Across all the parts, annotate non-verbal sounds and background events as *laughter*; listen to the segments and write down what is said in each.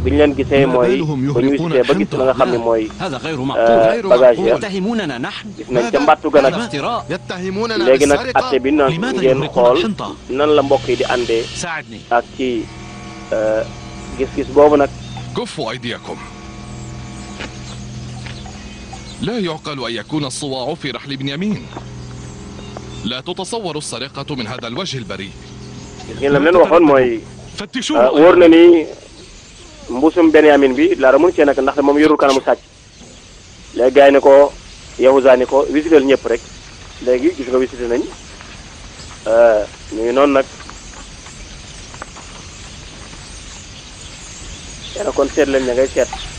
bi ñu leen gisee mooy ba ñu gisee ba gis la nga xam ne mooy euh, bagage ya gis nañ ca mbàttu ga nag léegi nag atte bi na ngeen xool nan la mbokk yi di àndee ak ci euh, gis-gis boobu nag. لا يعقل أن يكون الصواع في رحل بنيامين لا تتصور السرقة من هذا الوجه البريء. gis ngeen la leen waxoon mooy. فتشوه euh, wóor na ni. mbusum Benyamin bi dara mënu cee nag ndax moom yorul kanamu sàcc léegi gars yi ne ko Yahuza ni ko wisital ñëpp rek léegi gis nga wisite nañ euh, ñu ngi noonu nag yàlla kon seet lañ la ngay seet.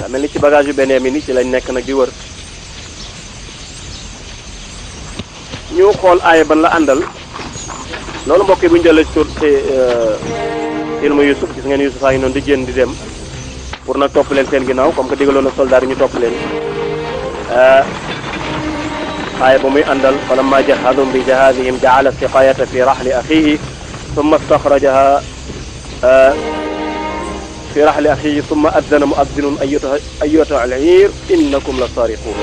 la mel ni ci bagage yu beneen lañ nekk nag di wër ñu xool aaya ban la àndal loolu mbokk yi bu ñu jëlee suurti euh, ilmu Yusuf gis ngeen Yusuf a ngi noonu di génn di dem pour nag topp leen seen ginnaaw comme que digaloon na soldaar yi ñu topp leen euh, aaya muy àndal falammaa jahhazahum bi jahaazihim ja'ala as-siqaayata fi rahli axiihi thumma istaxrajaha euh, fi rahli axi summa addana mu addinun ayyota alxiir innakum la saariquun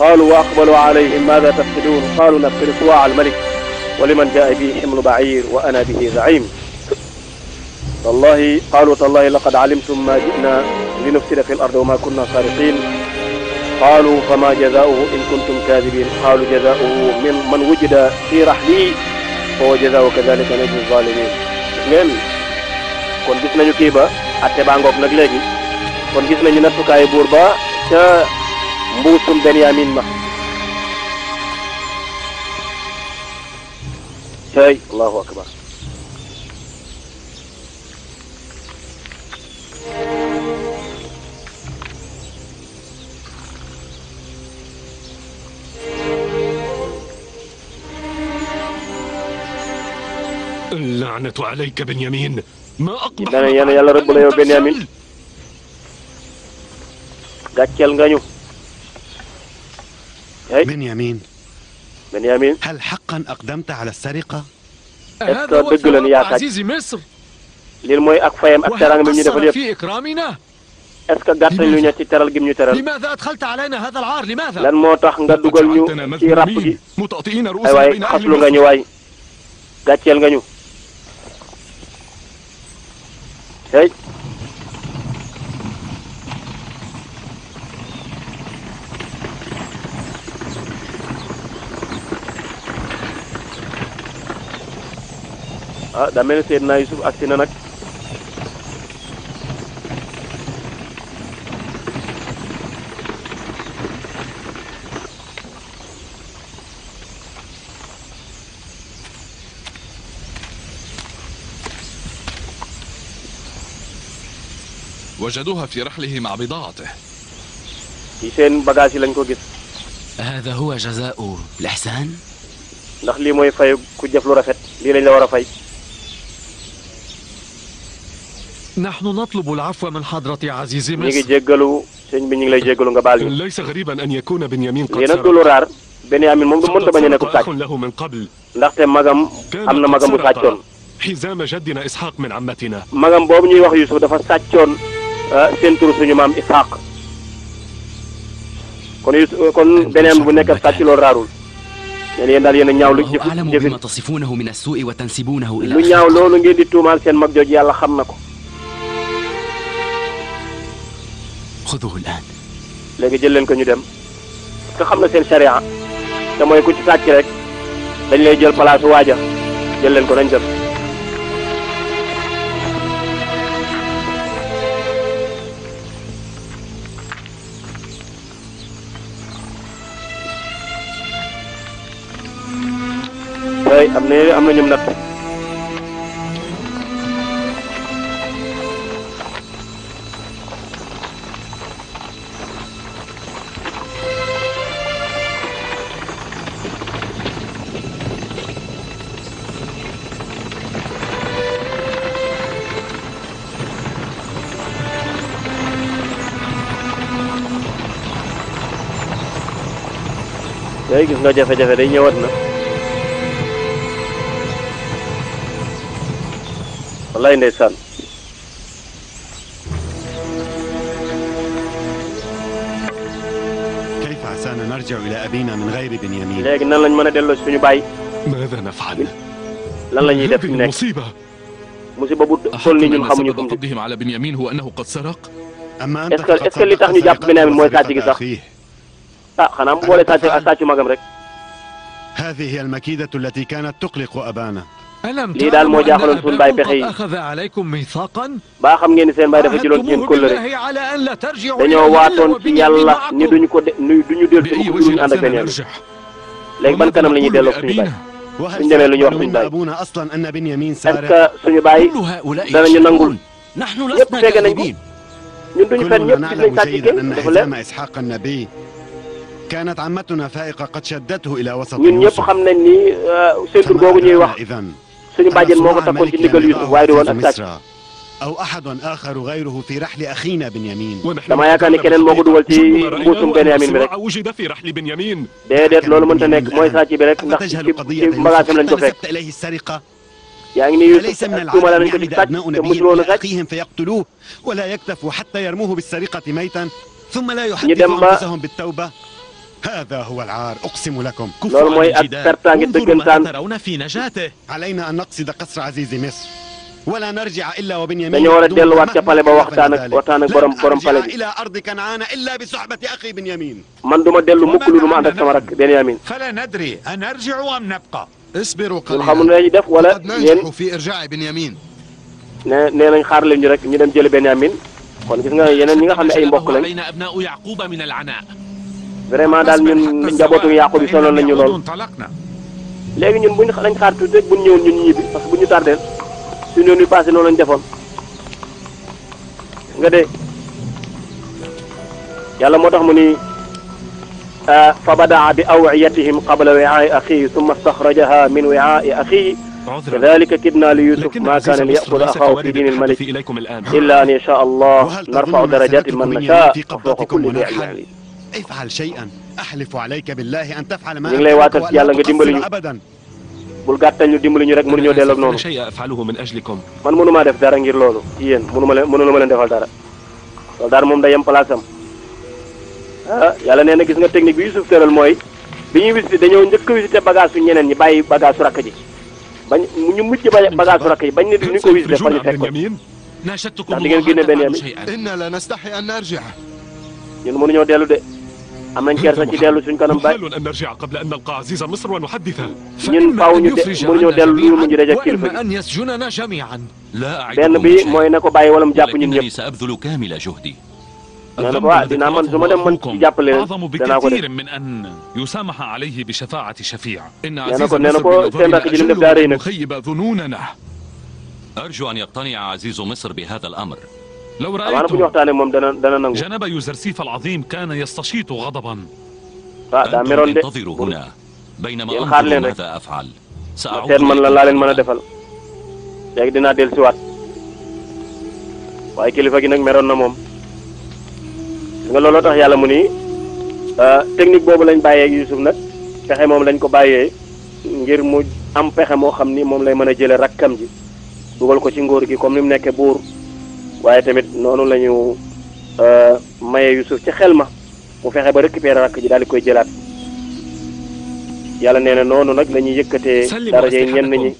qaalu wa aqbalu alayhim maada tafqiduun qaalu nafqidu suwaa almalik wa liman jaa bihi ximlu baciir wa ana bihi zaciim wallahi qaalu tallahi laqad calimtum ma jinaa linufsida fi lardi wa ma kunna saariqiin qaalu fama jazaauhu in kuntum kaadibiin qaalu jazaauhu min man wujida fi rahli fa wa jazaau kadalika najzi zaalimiin kon gis nañu kii ba atte baa ngoog nag léegi kon gis nañu nattukaayu buur ba ca mbuusum benyamin ma tey allahu akbar اللعنة عليك بنيامين kii dana yéen yàlla rëbb la yow Benyamin gàcceel nga ñu. hey Benyamin. Benyamin. hal haqqan aqdamta ala sariqa. est-ce que dëgg la ni yaa sàcc. lii mooy ak fayam ak teraanga bi ñu defal yëpp. est ce que gàttal ñu ne ci teral gi ñu teral lan moo tax nga dugal ñu ci ràpp gi ay waay xaslu nga ñu waay gàcceel nga ñu. Hey. ah daa mel ni Seydina Youssouf agsi na وجدوها في رحله مع بضاعته ci seen bagage yi lañ ko gis hada huwa jazaa'u l-ihsaan ndax lii mooy fay ku jëf lu rafet lii lañ la war a fay نحن نطلب العفو من حضرة عزيز مصر ñu ngi jéggalu sëñ bi ñu ngi lay jéggalu nga baal ñu ليس غريبا أن يكون بنيامين قد سرق lu raar Benyamin moom du mënta bañ a nekk sàcc ndaxte magam am na magam bu sàccoon حزام جدنا إسحاق من عمتنا magam boobu ñuy wax Yusuf dafa sàccoon Ah, seen tur suñu maam Isxaaq kon kon beneen bu nekk ab sàcc loolu raarul yéen yéen daal yéen a ñaaw lu jëf jëfin lu ñaaw loolu ngeen di tuumaal seen mag jooju xam na ko. léegi jël leen ko ñu dem parce xam na seen charia te mooy ku ci sàcc rek dañ lay jël place waaja jël ko nañ dem. am na am na ñum natt léegi gis nga jafe-jafe day ñëwaat na wallaay ndeysaan kayfa asaana narji'u ila abina min ghayri binyamin léegi nan lañ mën a delloo suñu baay maada naf'al lan la ñuy def mu nekk musiba musiba bu toll ni ñun xamuñu ko qaddihim ala binyamin huwa annahu qad saraq est-ce que est-ce que li tax ñu jàpp binyamin mooy sàcc gi sax ah xanaa mu boole sàcc ak sàccu magam rek هذه هي المكيدة التي كانت تقلق أبانا lii daal moo jaaxaloon suñu baay pexe yi baa xam ngeen ni seen baay dafa jëloon ci yéen kóllëre dañoo waatoon ci yàlla ni duñu ko de duñu dellu si ubbi duñu ànd ak seen yàlla léegi ban kanam la ñuy delloo suñu baay suñu demee lu ñu wax suñu baay est-ce que suñu baay danañu nangul ñëpp feege nañ ko ñun duñu fen ñëpp gis nañ sàcc kenn dafa leer. كانت عمتنا فائقة قد شدته إلى وسط ñun ñëpp xam nañ ni seen tur googu ñuy wax. suñu bàjjen moo ko takkoon ci ndigal Yusuf waaye di woon ak sàcc dama yaakaar ne keneen moo ko dugal ci mbuusum Benyamin bi rek déedéet loolu mënta nekk mooy sàcc bi rek ndax ci mbagaasam lañ ko fekk yaa ngi ni Yusuf tuuma la nañ ko ci sàcc te musul woon a sàcc ñu dem ba هذا هو العار أقسم لكم loolu mooy ak pertaange dëggantaan علينا أن نقصد قصر عزيز مصر ولا نرجع إلا وبنيامين dañoo war a delluwaat ca pale ba waxtaan ak waxtaan ak borom borom pale bi إلى أرض كنعان إلا بصحبة أخي بنيامين man du ma dellu mukk lu ma ànd ak sama rakk Benyamin فلا ندري أنرجع أم نبقى اصبروا قليلا xamul nañu def wala yéen في إرجاع بنيامين nee nee nañ xaar leen ñu rek ñu dem jëli Benyamin kon gis nga yeneen ñi nga xam ne ay mbokk lañ vraiment daal ñun njabootu yàqu bi sonal nañu lool léegi ñun buñ lañ xaar tuuti rek buñ ñëwoon ñun ñibbi parce que bu ñu tardeel suñu yoon yu passé noonu lañ moo tax mu ni fa bi awiyatihim qabla wiaai axihi summa staxrajaha min wiaai axihi kadalika kidna li yusuf ma kaana liyakula axaahu fi diini almalik illa an yasha allah narfau darajatin man nasha wa fawqa kulli di ilmin افعل شيئا احلف عليك بالله ان تفعل ما لي واتال سي يالا nga dimbali ñu abadan bul gàttal ñu dimbali ñu rek mënu ñoo delloog noonu شيء افعله من اجلكم man mënuma def dara ngir loolu yéen mënuma leen mënuma defal dara moom day yem place ah, yàlla nee na gis nga technique bi Yusuf tëral mooy bi ñuy visité dañoo njëkk a visité bagage ñeneen ñi bàyyi bagage su rakk ji bañ ñu mujj bagage su rakk ji bañ ne duñu ko visité far ñu fekk ko ndax di ngeen génne benn yamin ñun mënuñoo dellu de am nañ kersa ci dellu suñ kanam baay ñun faaw ñu de mënuñoo dellu lu mujj daje kilifa gi benn bi mooy na ko bàyyi wala mu jàpp ñun ñëpp. nee na ko ah dinaa man su ma dem man ci jàppale danaa ko def nee na ko nee na ko seen rakk ji li mu def daa rëy nag. لو رأيته bu ñu waxtaanee moom dana dana nangu. جناب يوزرسيف العظيم كان يستشيط غضبا. ah daa meroon de. yéen xaar leen rek. ma seet man la laa leen mën a defal. léegi dinaa dellusiwaat. waaye kilifa gi nag meroon na moom. nga looloo tax yàlla mu ni technique boobu lañ bàyyee ak Youssouf nag pexe moom lañ ko bàyyee ngir mu am pexe moo xam ni moom lay mën a jëlee rakkam ji dugal ko ci ngóor gi comme ni mu nekkee buur. waaye tamit noonu la ñu euh, maye Yusuf ci xel ma mu fexe ba récupérer rakk ji daal di koy jëlaat yàlla nee na noonu nag la ñuy yëkkatee daraja yi nañu ñi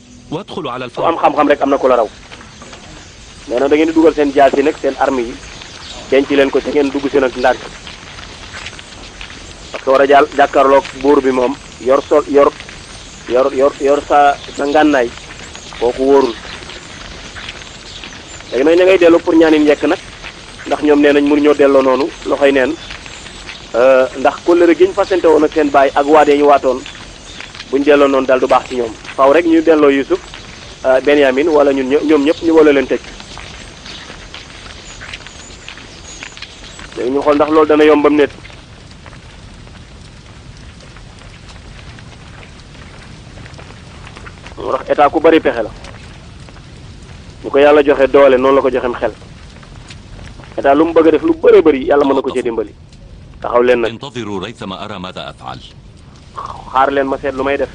ku am xam-xam rek am na ko la raw nee na da ngeen di dugal seen jaas yi nag seen arme yi denc leen ko ci ngeen dugg seen ak ndànk parce que war a jàll jàkkaarloog buur bi moom yor sol yor yor yor yor sa sa ngànnaay kooku wóorul léegi nag ña ngay dellu pour ñaanin yekk nag ndax ñoom nee nañ mënuñoo delloo noonu loxoy neen euh, ndax kóllëre gi ñu fasante woon ak seen baay ak waade yi ñu waatoon ñu delloo noonu daal du baax ci ñoom faaw rek ñu delloo Yuusuf euh, Benyamin wala ñun ñoom ñëpp ñu wala leen tëj léegi ñu xool ndax loolu dana yombam net moo tax état ku bari pexe la bu ko yàlla joxe doole noonu la ko joxem xel état lu mu bëgg a def lu bëree bëri yàlla mën na ko cee dimbali taxaw leen nag xaar leen ma seet lu may def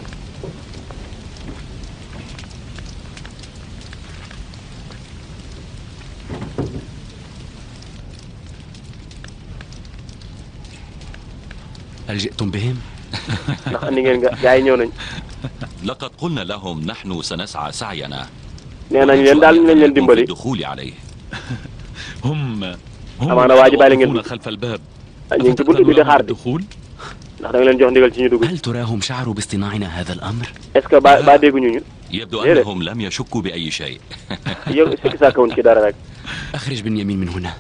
hal ji'tum bihim ndax andi ngeen nga gaa yi ñëw nañ laqad qulna lahum nahnu sanas'a sa'yana nee nañ leen daal nañ leen dimbali. amaana waa ji bàyyi ngeen dugg ah, ñu ngi ci bunt bi di xaar ndax da nga leen jox ndigal ci ñu dugg. هل تراهم شعروا باصطناعنا هذا الأمر؟ est-ce que ba ba dégguñu ñu. يبدو أنهم لم يشكوا بأي شيء. yow sikki sàkkawuñ ci dara rek. أخرج بنيامين من هنا.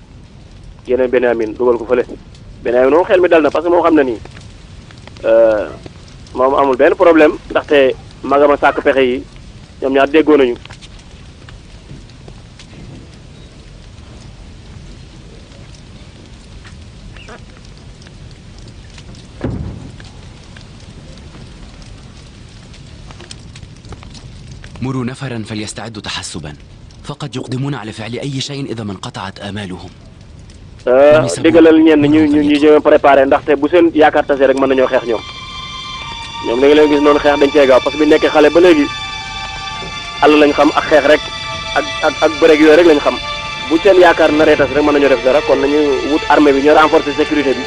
yeneen Benyamin dugal ko fële. Benyamin moom xel mi dal na parce que moo xam ne nii euh, moom amul benn problème ndaxte magama sàkk pexe yi ñoom ñaar déggoo nañu. مروا نفرا فليستعدوا تحسبا فقد يقدمون على فعل أي شيء إذا ما انقطعت آمالهم déggalal ñenn ñu ñu ñu jéem a préparé ndaxte bu seen yaakaar tase rek mën nañoo xeex ñoom ñoom da nga leen gis noonu xeex dañ cee gaaw parce que bi nekkee xale ba léegi àll lañ xam ak xeex rek ak ak ak bëreeg yooyu rek lañ xam bu seen yaakaar naree tas rek mën nañoo def dara kon nañu wut armée bi ñoo renforcer sécurité bi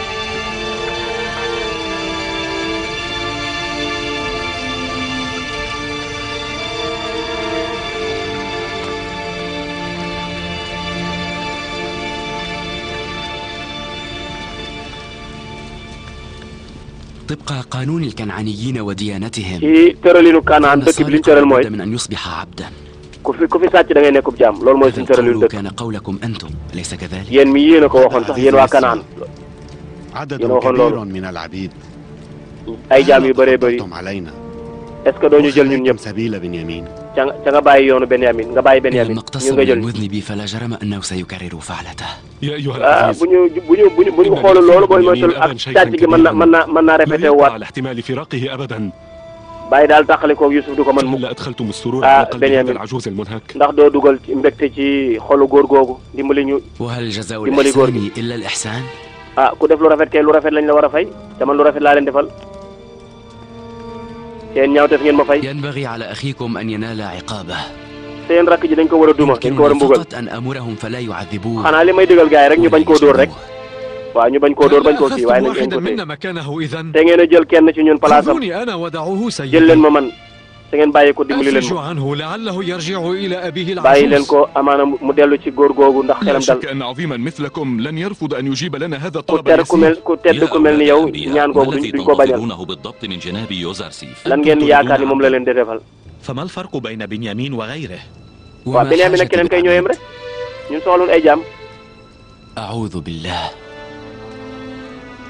طبق قانون الكنعانيين وديانتهم ci tëralinu Kanaan dëkk bi li ñu tëral mooy من أن يصبح عبدا ku fi ku fi sàcc da ngay nekkub jaam loolu mooy suñu tëralinu dëkk كان قولكم أنتم أليس كذلك yéen mi yéen a ko waxoon sax yéen waa Kanaan عدد كبير من العبيد ay jaam yu bëree bëri est-ce que doo ñu jël ñun ñëpp سبيل بنيامين ca nga ca nga bàyyi yoonu Benyamin nga bàyyi Benyamin ñu nga jël ah bu ñu bu ñu bu ñu bu ñu xoolul loolu booy moytul ak càcc gi mën na mën na mën naa répété waat bàyyi daal tàqalikoog Yusuf du ko mën mukk ah Benyamin ndax doo dugal ci mbégte ci xolu góor googu dimbali ñu dimbali góor gi ah ku def lu rafet kay lu rafet lañ la war a fay te man lu rafet laa leen defal. seen ñaawteef ngeen ma fay. ينبغي على أخيكم أن ينال عقابه. seen rakk ji dañ ko war a duma dañ ko war a mbugal. فقط أن أمرهم فلا يعذبوه. xanaa li may digal gars yi rek ñu bañ koo dóor rek. waaw ñu bañ koo dóor bañ koo kii waaye nag ngeen ko téye. te ngeen a jël kenn ci ñun palaasam. jël leen ma man. te ngeen bàyyi ko dimbali leen ma bàyyi leen ko amaana mu dellu ci góor googu ndax xelam dal ku ter ku mel ku tedd ku mel ni yow ñaan googu duñ duñ ko bañal lan ngeen yaakaar ni moom la leen di defal. waaw Benyamin ak keneen kay ñooyam rek ñun soxlawul ay jaam. أعوذ بالله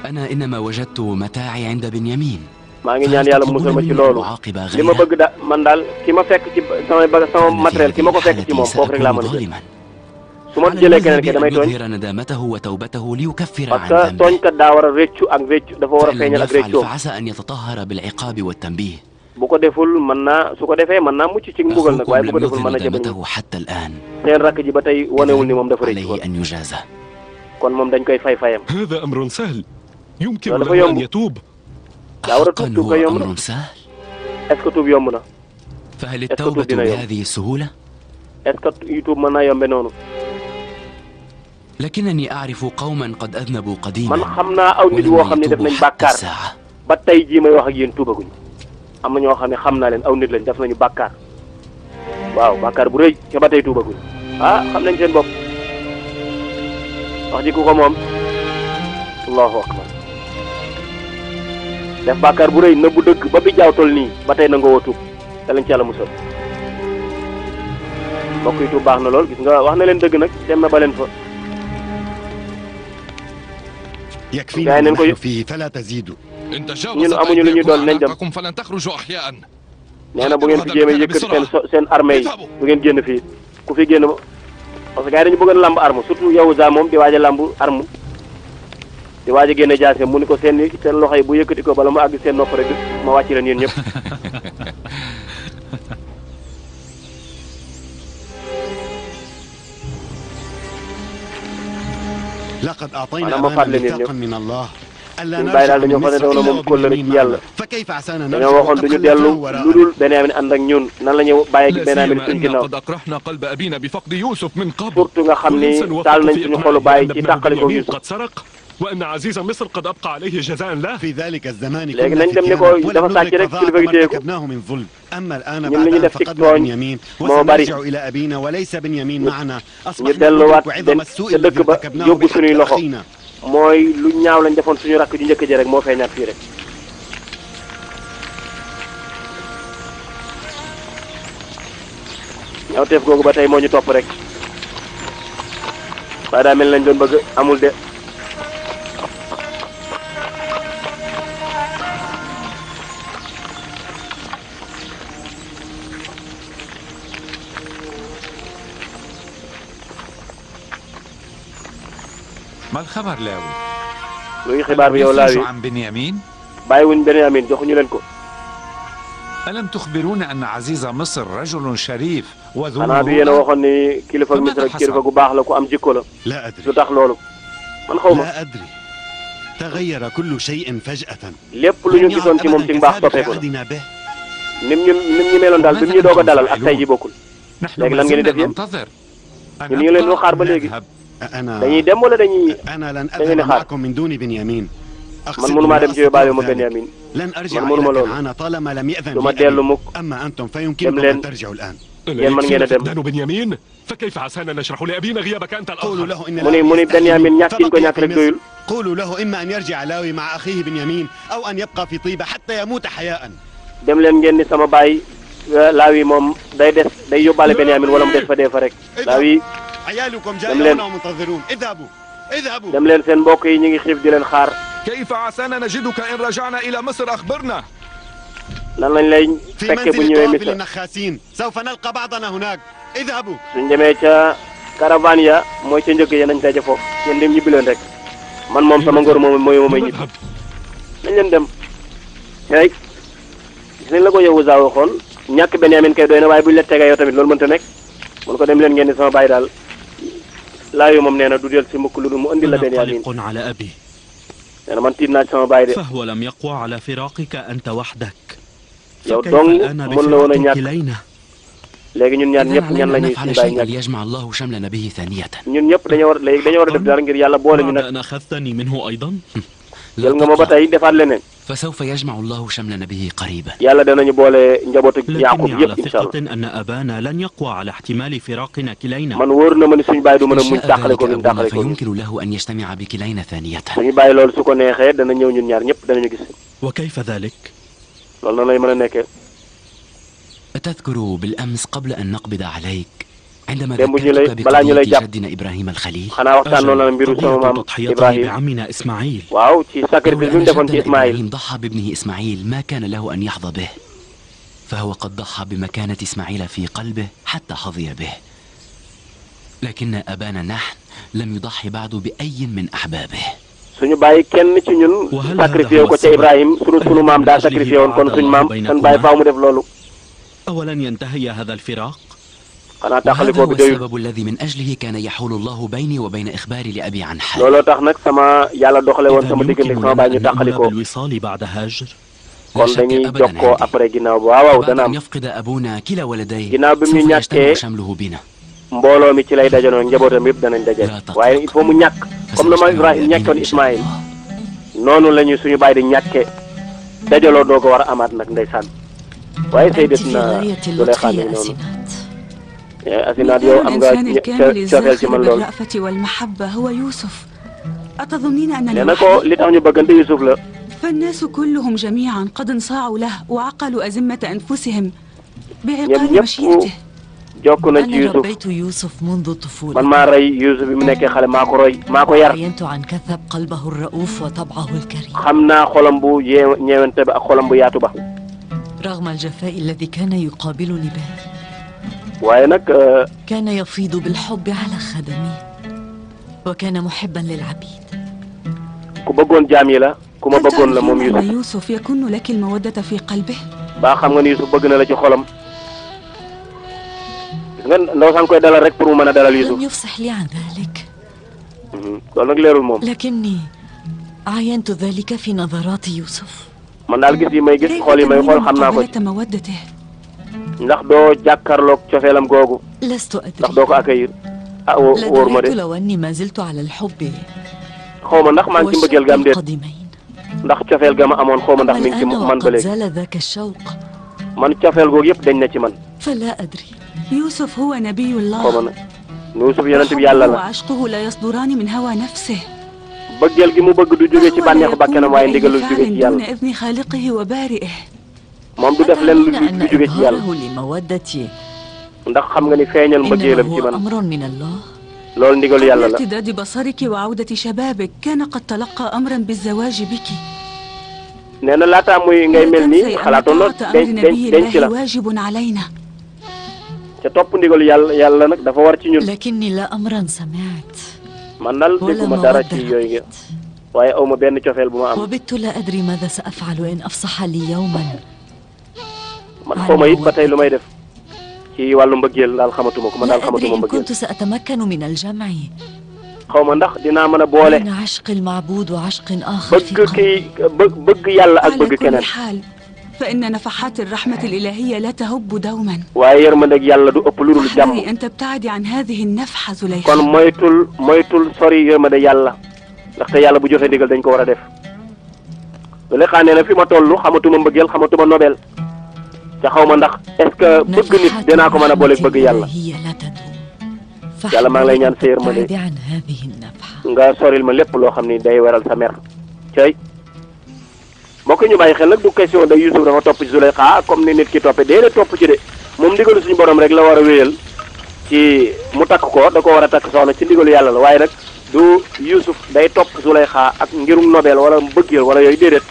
أنا إنما وجدت متاعي عند بنيامين maa ngi ñaan yàlla musal ma ci loolu li ma bëgg da man daal ki ma fekk ci sama ba sama matériel ki ma ko fekk ci moom kooku rek laa mën a jël su ma jëlee keneen ke damay tooñ parce que tooñkat daa war a réccu ak réccu dafa war a feeñal ak réccoom bu ko deful mën naa su ko defee mën naa mucc ci mbugal nag waaye bu ko deful mën na jëfandikoo seen rakk ji ba tey wanewul ni moom dafa réccu kon moom dañ koy fay fayam loolu dafa yomb daa war a tuub tuub kay yomb na est-ce que tuub yomb na. est-ce que tuub dina yomb est-ce que tuub mën naa yombe noonu. lakinani aarifu qawman qad adnabu qadiman man xam naa aw nit woo xam ne def nañ bàkkaar ba tey jii may wax ak yéen tuubaguñ am na ñoo xam ne xam naa leen aw nit lañ def nañu bàkkaar waaw bàkkaar bu rëy ca ba tey tuubaguñ ah xam nañ seen bopp wax ji ku ko moom allahu akbar def bàkkaar bu rëy bu dëgg ba bi jaaw toll ba tey nangoo woo tuub te lañ ci yàlla musal tu baax na lool gis nga wax na leen dëgg nag dem na ba leen fa gaa yi nañ ko ñun amuñu lu ñuy doon nañ dem nee na bu ngeen fi jéemee yëkkati seen seen armée yi ngeen génn fii ku fi génn ma parce que gaa yi dañu bëggoon làmb surtout yow za moom di waaj a làmb arme di waaj a génne jaase mu ni ko seen seen loxo yi bu yëkkati ko bala mu àgg seen nopp rek ma wàcc leen yéen ñëpp. maanaam ma fàttali leen ñëpp suñu bàyyi daal dañoo fa ne daw moom kóllëre ci yàlla dañoo waxoon duñu dellu lu dul Benyamin ànd ak ñun nan la ñuy bàyyi ak Benyamin suñ ginnaaw surtout nga xam ni taal nañ suñu xolu bàyyi ci tàqalikoo Yuusuf. وأن عزيز مصر قد أبقى عليه جزاء له في ذلك الزمان كنا في كيان ولم ندرك قضاء ما ارتكبناه من ظلم أما الآن بعد أن فقدنا بنيامين وسنرجع إلى أبينا وليس بنيامين معنا أصبحنا ندرك عظم السوء الذي ارتكبناه بحق أخينا mooy lu ñaaw lañ defoon suñu rakk ju njëkk ji rek moo feeñaat fii rek ñaaw teef googu ba tey moo ñu topp rek waaye daa mel lañ doon bëgg amul de ma alxabar laawi luy xibaar bi yow laawi an Benyamin bàyyiwuñ Benyamin joxuñu leen ko alam tuxbiruuna anna aziza Misr rajulun sharif wa dhu xanaa du yéen a waxoon ni kilifa Misr kilifa gu baax la ku am jikko la laa adri lu tax loolu man xaw ma laa adri tagayyara kullu shay'in faj'atan lépp lu ñu gisoon ci moom ci mbaax soppeeku la nim ñu nim ñu meloon daal bi mu ñu doog a dalal ak tey ji bokkul léegi lan ngeen di def yéen ñu ngi leen di xaar ba léegi ana dañuy dem wala dañuy. ana lan adhhaba ma'akum min duni Binyamin. man mënu maa dem ci baale ma Benyamin man mënu ma loolu du ma dellu mukk dem leen yéen mën ngeen a dem mu ni mu ni Benyamin ñàkk gi ñu ko ñàkk rek doyul. dem leen ngeen ni sama baay laawi moom day des day yóbbaale Benyamin wala mu des fa dee fa rek laawi dem leen dem leen seen mbokk yi ñu ngi xiif di leen xaar. lan lañ lay fekke bu ñëwee Misra suñ demee ca caravane ya mooy ca njëkk ya nañ daje foofu yéen dem ñibbi leen rek man moom sama ngor moom mooy moomay ñibbi nañ leen dem. tey gis nañ la ko yow Ouza waxoon ñàkk Benyamin kay doy na waaye buñ la tegee yow tamit loolu mënta nekk mun ko dem leen ngeen ni sama bàyyi daal. laayo moom nee na du del si mukk lu dul mu indi la benyamin nee na man tiit naa ci sama baay de yow dong mën la woon a ñàkk léegi ñun ñaar ñëpp ñan la ñuy si baay ñàkk ñun ñëpp dañoo war léegi dañoo war a def dara ngir yàlla boole ñu nag *laughs* jël nga ma ba tey defaat leneen. fa sawfa yajmacu allahu chamlana bihi qariban. yàlla danañu boole njabootu Yaaqub yëpp incha allah. man wóor na ma ni suñu bàyyi du mën a muñ tàqale ko ñun tàqale ko ñun. suñu bàyyi loolu su ko neexee dana ñëw ñun ñaar ñëpp danañu gis. wa kayfa dalik. loolu nan lay mën a nekkee. atadkuru bil ams qabla an naqbida alayk démb ñu lay balaa ñu lay jàpp xanaa waxtaan noonu la mbiru sama maam Ibrahima waaw ci sacrifice bi mu defoon ci Ismaïl. فهو قد ضحى بمكانة إسماعيل في قلبه حتى حظي به لكن أبانا نحن لم يضحي بعد بأي من أحبابه suñu bàyyi kenn ci ñun sacrifié ko ca Ibrahima sunu sunu maam daa sacrifié woon kon suñu maam kon bàyyi faaw mu def loolu. أولن ينتهي هذا الفراق xanaa taxalikoo bi doyul looloo tax nag sama yàlla doxale woon sama diggante sama baay ñu taxalikoo kon dañuy jokkoo après ginnaaw bi waaw waaw dana am ginnaaw bi mu ñàkkee mbooloo mi ci lay dajaloo njabootam yëpp danañ dajal waaye il faut mu ñàkk comme na ma Ibrahim ñàkkoon Ismaïl noonu la ñu suñu baay di ñàkkee dajaloo doo ko war a amaat nag ndeysaan waaye Seydatuna Zuleyxa noonu. أسينات يو أمغا شوفيل سي من لول الرأفة والمحبة هو يوسف أتظنين أن الوحيد فالناس كلهم جميعا قد انصاعوا له وعقلوا أزمة أنفسهم بعقال مشيئته jokk na ci Yusuf man maa rey Yusuf bi mu nekkee xale maa ko roy maa ko yar xam naa xolam bu ñeewante ba ak xolam bu yaatu ba. waaye nag. Euh, كان يفيض بالحب على خدمه وكان محبا للعبيد. ku bëggoon jaam yi la. ku ma bëggoon la moom Youssouf. يوسف يكن لك المودة في قلبه. baa xam nga ni Youssouf bëgg na la ci xolam. gis nga ndaw saa koy dalal rek pour mu mën a dalal Youssouf. لم يفصح لي عن ذلك. Mhm. loolu nag leerul moom. لكني عاينت ذلك في نظرات يوسف. man daal gis yi may gis xool yi may xool xam naa ko. ndax doo jàkkaarloog cofeelam googu. ndax doo ko accueillir. ah wó wóor ma de xaw ma ndax maa ngi ci mbëggeel ga am déet ndax cofeel ga ma amoon xaw ma ndax mi ngi ci man ba léegi man cofeel googu yëpp dañ na ci man. xaw ma nag Youssouf yonent bi yàlla la. bëggeel gi mu bëgg du jóge ci bànneexu bakkanam waaye ndigal lu jóge ci yàlla. moom du def lenn lu lu jóge ci yàlla ndax xam nga ni feeñal mbëggeelam ci man loolu ndigalu yàlla la. امتداد بصرك وعودة شبابك كان قد تلقى أمرا بالزواج بك. nee na laataa muy ngay mel nii xalaatoon na denc denc la. واجب علينا. ca topp ndigalu yàlla yàlla nag dafa war ci ñun. لكني لا أمرا سمعت. man daal dégguma dara ci yooyu nga waaye aw ma benn cofeel bu ma am. وبت لا أدري ماذا سأفعل إن أفصح لي يوما. man xaw ma it ba tey lu may def ci wàllu mbëggeel daal xamatuma ko man daal xamatuma mbëggeel xaw ma ndax dinaa mën a boole bëgg kii bëgg yàlla ak bëgg keneen فإن نفحات الرحمة الإلهية لا تهب دوما waaye yërmandeeg yàlla du ëpp lu dul jàmm أن تبتعد عن هذه النفحة زليخا kon moytul moytul sori yërmandeeg yàlla ndaxte yàlla bu joxe ndigal dañ ko war a def Zuleyxa nee na fi ma toll xamatuma mbëggeel xamatuma nobel te xaw ma ndax est-ce que bëgg nit dinaa ko mën a boole bëgg yàlla yàlla maa ngi lay ñaan sa yërmande nga soril ma lépp loo xam ni day waral sa mer cey mbokk ñu bàyyi xel nag du question day Yuusuf dafa topp ci comme ni nit ki toppee déedéet topp ci de moom ndigalu suñu borom rek la war a wéyal ci mu takk ko da ko war a takk soxna ci ndigalu yàlla la waaye nag du Yuusuf day topp Zuleyxa ak ngirum nobel wala mbëggeel wala yooyu déedéet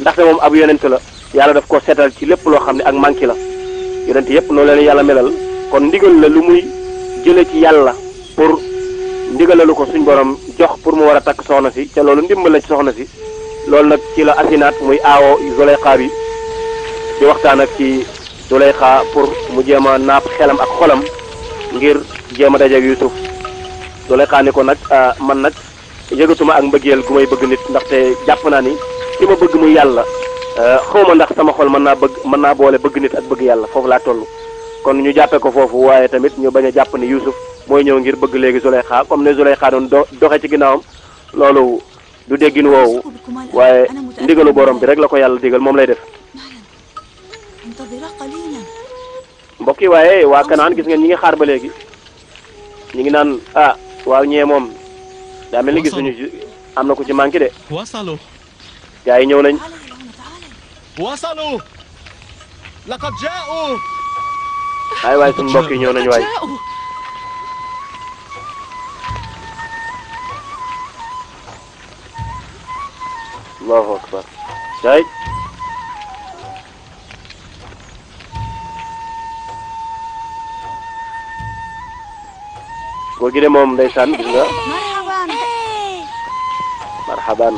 ndaxte moom ab yeneent la yàlla daf koo seetal ci lépp loo xam ne ak manqué la yonent yëpp noonu leen yàlla melal kon ndigal la lu muy jële ci yàlla pour ndigalalu ko suñ borom jox pour mu war a takk soxna si ca loolu ndimbal la ci soxna si loolu nag ci la asinaat muy aawoo xaar yi di waxtaan ak ci Zuleyxa pour mu jéem a naap xelam ak xolam ngir jéem a dajeeg Yuusuf Zuleyxa ni ko nag ah, man nag yëgatuma ak mbëggeel gu may bëgg nit ndaxte jàpp naa ni ki ma bëgg yàlla Euh, xaw ma ndax sama xol mën naa bëgg mën naa boole bëgg nit ak bëgg yàlla foofu laa toll kon ñu jàppee ko foofu waaye tamit ñu bañ a jàpp ni Youssouf mooy ñëw ngir bëgg léegi xaar comme ne Zuleyxa doon doxe ci ginnaawam loolu du déggin woowu waaye ndigalu borom bi rek la ko yàlla moom lay def mbokk yi waaye waa Kanaan gis ngeen ñi ngi xaar ba léegi ñi ngi naan ah waaw ñee moom daa mel ni gisuñu am na ko ci manqué de gars yi ñëw nañ wasalu laqad jaa'u ay waay suñu mbokk yi ñëw nañu waay allahu akbar day góor gi de moom ndeysaan gis marhaban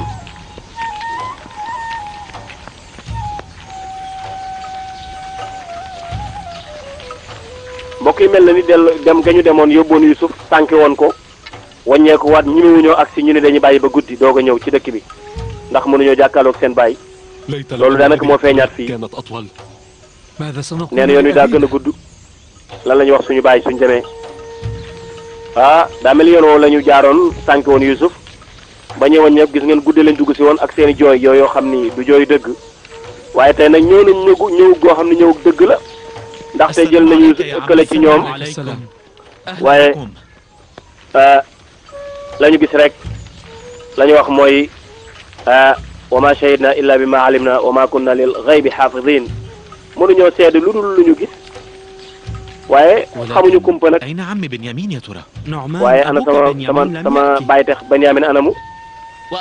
mbokk yi mel na ni dellu dem ga ñu demoon yóbboon Yusuf sànke woon ko wàññeeku waat ñemewuñoo ak si ñu ne dañuy bàyyi ba guddi doog a ñëw ci dëkk bi ndax mënuñoo jàkkaarloog seen bàyyi loolu daanaka moo feeñaat fii nee na yoon wi daa gën a gudd lan la ñuy wax suñu bàyyi suñ demee ah daa mel yoon woo la ñu jaaroon sànke woon Yusuf ba ñëwoon ñëpp gis ngeen guddee lañ dugg si woon ak seen i jooy yoo yoo xam ni du jooy dëgg waaye tey nag ñëw nañ ñëw ñëw goo xam ne ñëw dëgg la ndaxte jël nañu ëkkale ci ñoom waaye euh, la ñu gis rek la ñu wax mooy euh, wa ma shahidna illa bi ma alimna wa ma kunna lil ghaybi xaafidin mënuñoo seede lu dul lu ñu gis waaye xamuñu kumpa nag waaye ana sama sama sama bàyyiteex Benyamin anamu sa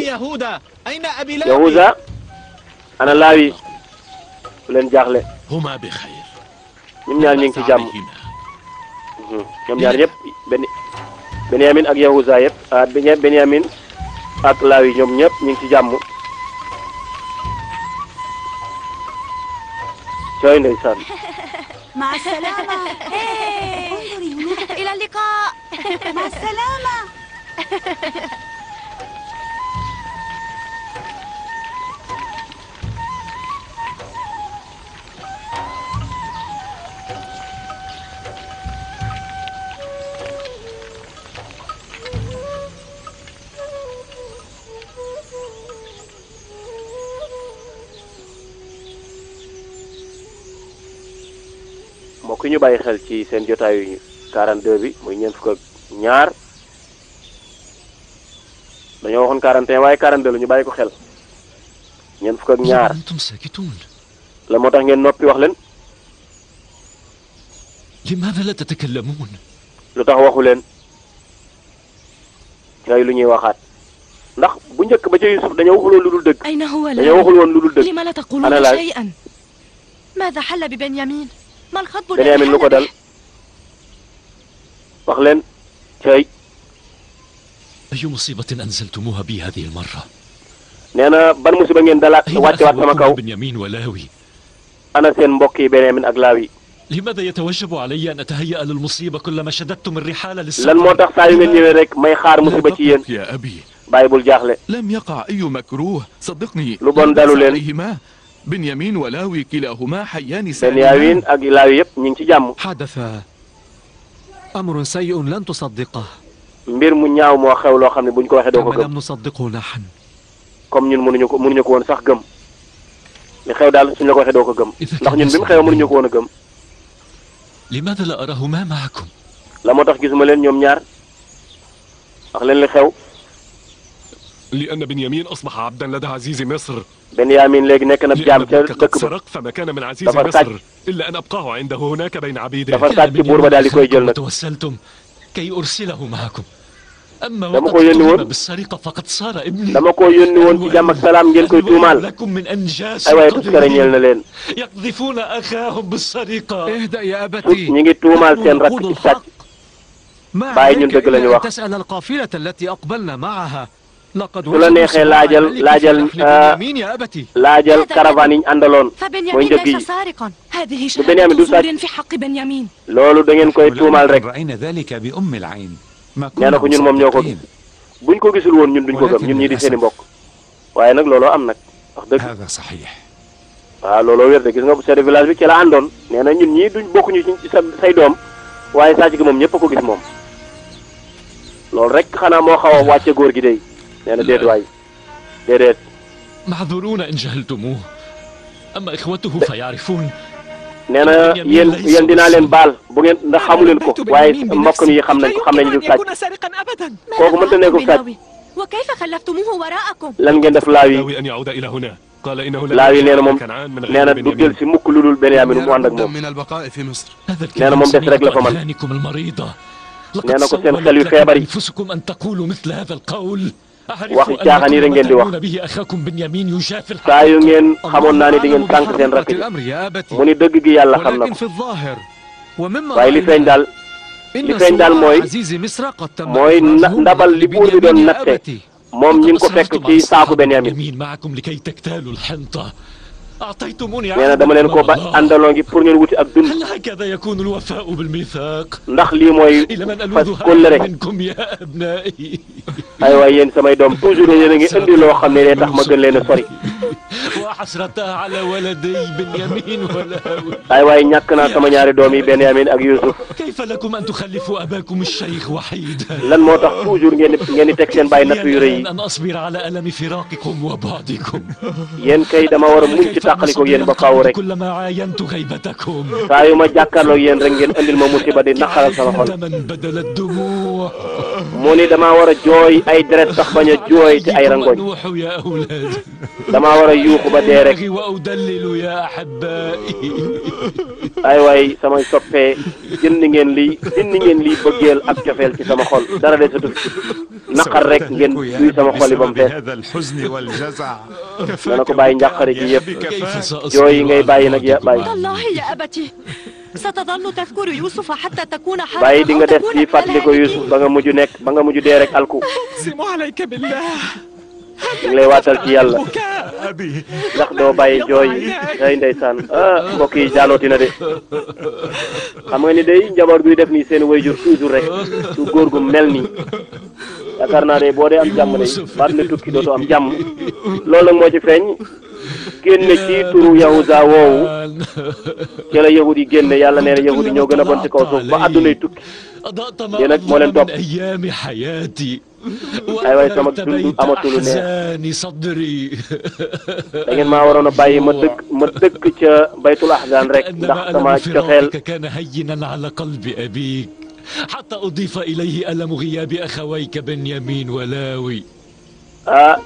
yahuda ana laawi bu leen jaaxle mhm. ñoom ñaar ñu ci jàmm ñoom ñaar yëpp benn Benyamin ak Yahuza yëpp ah ak Lawi ñoom ñëpp ñu ngi ci jàmm. cooy ndeysaan. *laughs* ma salaama. ila liqa. ma salaama. *laughs* mbokk yi ñu bàyyi xel ci seen jotaayu 42 bi muy ñeent fukk ak ñaar dañoo waxoon 41 waaye 42 la ñu bàyyi ko xel ñeent fukk ak ñaar la moo tax ngeen noppi wax leen. limaada la tatakallamuun lu tax waxu leen. ay lu ñuy waxaat. ndax bu njëkk ba ca Yuusuf dañoo waxul lu dul dëgg. dañoo waxul woon lu dul dëgg. ana laaj. maada xalla bi Benyamin Benyamin lu ko dal wax leen cay أي مصيبة أنزلتموها بي هذه المرة؟ nee na ban musiba ngeen dalaat wàccewaat sama kaw Benyamin wa Laawi ana seen mbokk yi Benyamin ak Laawi لماذا يتوجب علي أن أتهيأ للمصيبة كلما شددتم الرحال للسفر lan moo tax saa yu ngeen ñëwee rek may xaar musiba ci yéen يا أبي bàyyi bul jaaxle لم يقع أي مكروه صدقني lu bon dalu leen بنيامين ولاوي كلاهما حيان سالمين بنيامين ak Laawi yëpp ñu ngi ci jàmm. حدث أمر سيء لن تصدقه. mbir mu ñaaw moo xew loo xam ne buñ ko waxee doo ko gëm. لم نصدقه نحن. comme ñun mënuñu ko mënuñu ko woon sax gëm. li xew daal suñ la ko waxee ko gëm. ndax ñun bi mu xew mënuñu ko woon a gëm. لماذا لا أراهما معكم. la moo tax ma leen ñoom ñaar wax leen li xew. لأن بنيامين أصبح عبدا لدى عزيز مصر بنيامين ليك نك أنا بجام قد سرق فما كان من عزيز مصر إلا أن أبقاه عنده هناك بين عبيده تفرسات كبور بدأ لكي جلنا توسلتم كي أرسله معكم أما وقد بالسرقة فقد صار ابني لما كو يوني وانت جامك سلام جيل كي تومال لكم من أنجاس أيوة يتسكرين يلنا لين يقذفون أخاهم بالسرقة اهدأ يا أبتي نيجي تومال سين ركب السات ما عليك تسأل القافلة التي أقبلنا معها su la neexee laajal laajal laajal caravane yi ñu àndaloon mooy njëg yi bu Benyamin du sàcc loolu dangeen koy tuumaal rek nee na ko ñun moom ñoo ko gis buñ ko gisul woon ñun duñ ko gëm ñun ñi di seen i mbokk waaye looloo am nag wax dëgg waaw looloo wér de gis nga chef de village bi ci la àndoon nee na ñun ñii duñ bokkuñu ci sa say doom waaye sàcc gi moom ñëpp a ko gis moom loolu rek xanaa moo xaw a wàcce góor gi day nee na déet waay déedéet معذورون إن جهلتموه أما إخوته فيعرفون nee na yéen yéen dinaa leen baal bu ngeen ndax xamu leen ko waaye mbokk mi xam nañ ko xam nañ li sàcc kooku mënta nekkul sàcc lan ngeen def laaw yi laaw yi nee na moom nee na du jël si mukk lu dul Benyamin mu ànd ak moom nee na moom des rek la fa man nee na ko seen xel yu feebar yi. waxi caaxaan yi rek ngeen di wax saa yu ngeen xamoon naa ne di ngeen tànk seen rakk ji mu ni dëgg gi yàlla xam na ko waaye li feeñ daal li feeñ daal mooy mooy ndabal li buur bi doon natte moom ñu ngi ko fekk ci saaku Benyamin nee na dama leen ko ba àndaloo ngi pour ngeen wuti ak dund ndax lii mooy fas kóllëre ay waay yéen samay doom toujours yéen a ngi indi loo xam ne day tax ma gën leen a sori. وحسرتها على ولدي بنيامين ولاوي اي واي ñàkk naa sama ñaari doom yi Benyamin ak Youssouf كيف لكم ان تخلفوا اباكم الشيخ وحيدا lan moo tax toujours ngeen ngeen di teg seen an asbir ala alami firaqicum wa baadikum yéen kay dama war a muñ ci tàqalikoo yéen ba faaw rek kullama aayantu xaybatakum saa yu ma jàkkaarloo yéen rek ngeen andil ma musiba di naqaral sama xol mu ni damaa war a jooy ay deret sax bañ a jooy ci ay rangoñ damaa war a yuuxu ba dee rek ay waay samay soppee jënd ngeen lii jënd ngeen lii bëggeel ak cofeel ci sama xol dara de satut naqar rek ngeen duy sama xol yi ba mu fees dana ko bàyyi njàqare ji yëpp jooy yi ngay bàyyi nag ya bàyyi bàyyi di nga def ci fàttali ko Youssouf ba nga mujj nekk ba nga mujj dee rek alku ñu ngi lay waatal ci yàlla ndax doo bàyyi jooy ay ndeysaan ah mbokk yi jaalooti na de xam nga ni day njaboot guy def ni seen wayjur toujours rek su góor gu mel ni yaakaar naa ne boo dee am jàmm day baat na tukki dootoo am jàmm loolu nag moo ci feeñ génne ci turu yahuda woowu ci la yahud yi génne yàlla nee na yahud yi ñoo gën a bon ci kaw suuf ba àddunay tukki yéen nag moo leen topp ay waay sama dund amatul neex da ngeen maa waroon a bàyyi ma dëkk ma dëkk ca baytul ahzan rek ndax sama coxeel حتى أضيف إليه ألم غياب أخويك بنيامين ولاوي ah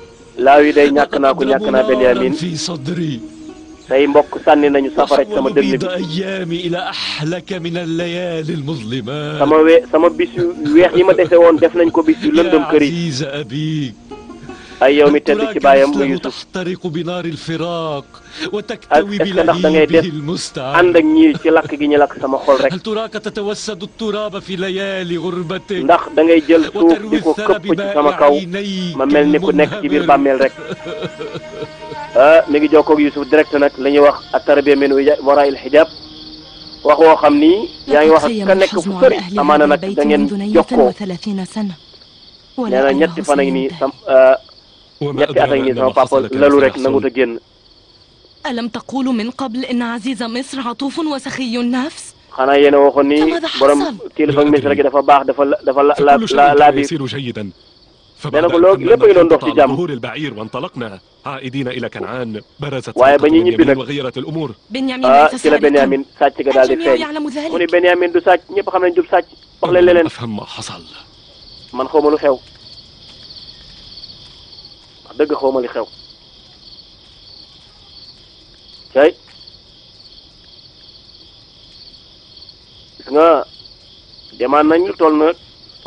laawi day ñàkk naa ko ñàkk naa Benyamin في صدري say mbokk sànni nañu safara ci sama dënn bi أيامي إلى أحلك من الليالي المظلمات sama we sama bis yu weex yi ma dese woon def nañ ko bis yu lëndëm kër yi عزيز أبيك ay yow mi tedd ci baayam mu Yusuf est-ce que ndax da ngay des ànd ak ñii ci lakk gi ñu lakk sama xol rek ndax da ngay jël suuf di ko këpp ci sama kaw ma mel ni ku nekk ci biir bàmmeel rek ah mi ngi jokkoo ak Yusuf direct nag la ñuy wax ak tarbiya min wara il hijab wax woo xam ni yaa ngi wax ka nekk fu sori amaana nag da ngeen jokkoo nee na ñetti fan ak nii sam. ñetti at ak ñi sama papa lalu rek nangut a génn. alam taqulu min qabl in aziza misr atufun wa saxiyun nafs. xanaa yéen a waxoon ni borom kilifa misra gi dafa baax dafa dafa la la la la biir. nee na ko loo lépp a ngi doon dox ci jàmm. waaye ba ñuy ñibbi nag ah ci la Benyamin sàcc ga daal di feeñ. ku ni Benyamin du sàcc ñëpp xam nañ jub sàcc wax leen leneen man xaw ma lu xew. dëgg xawma li xew cay gis nga demaan nañ lu toll nag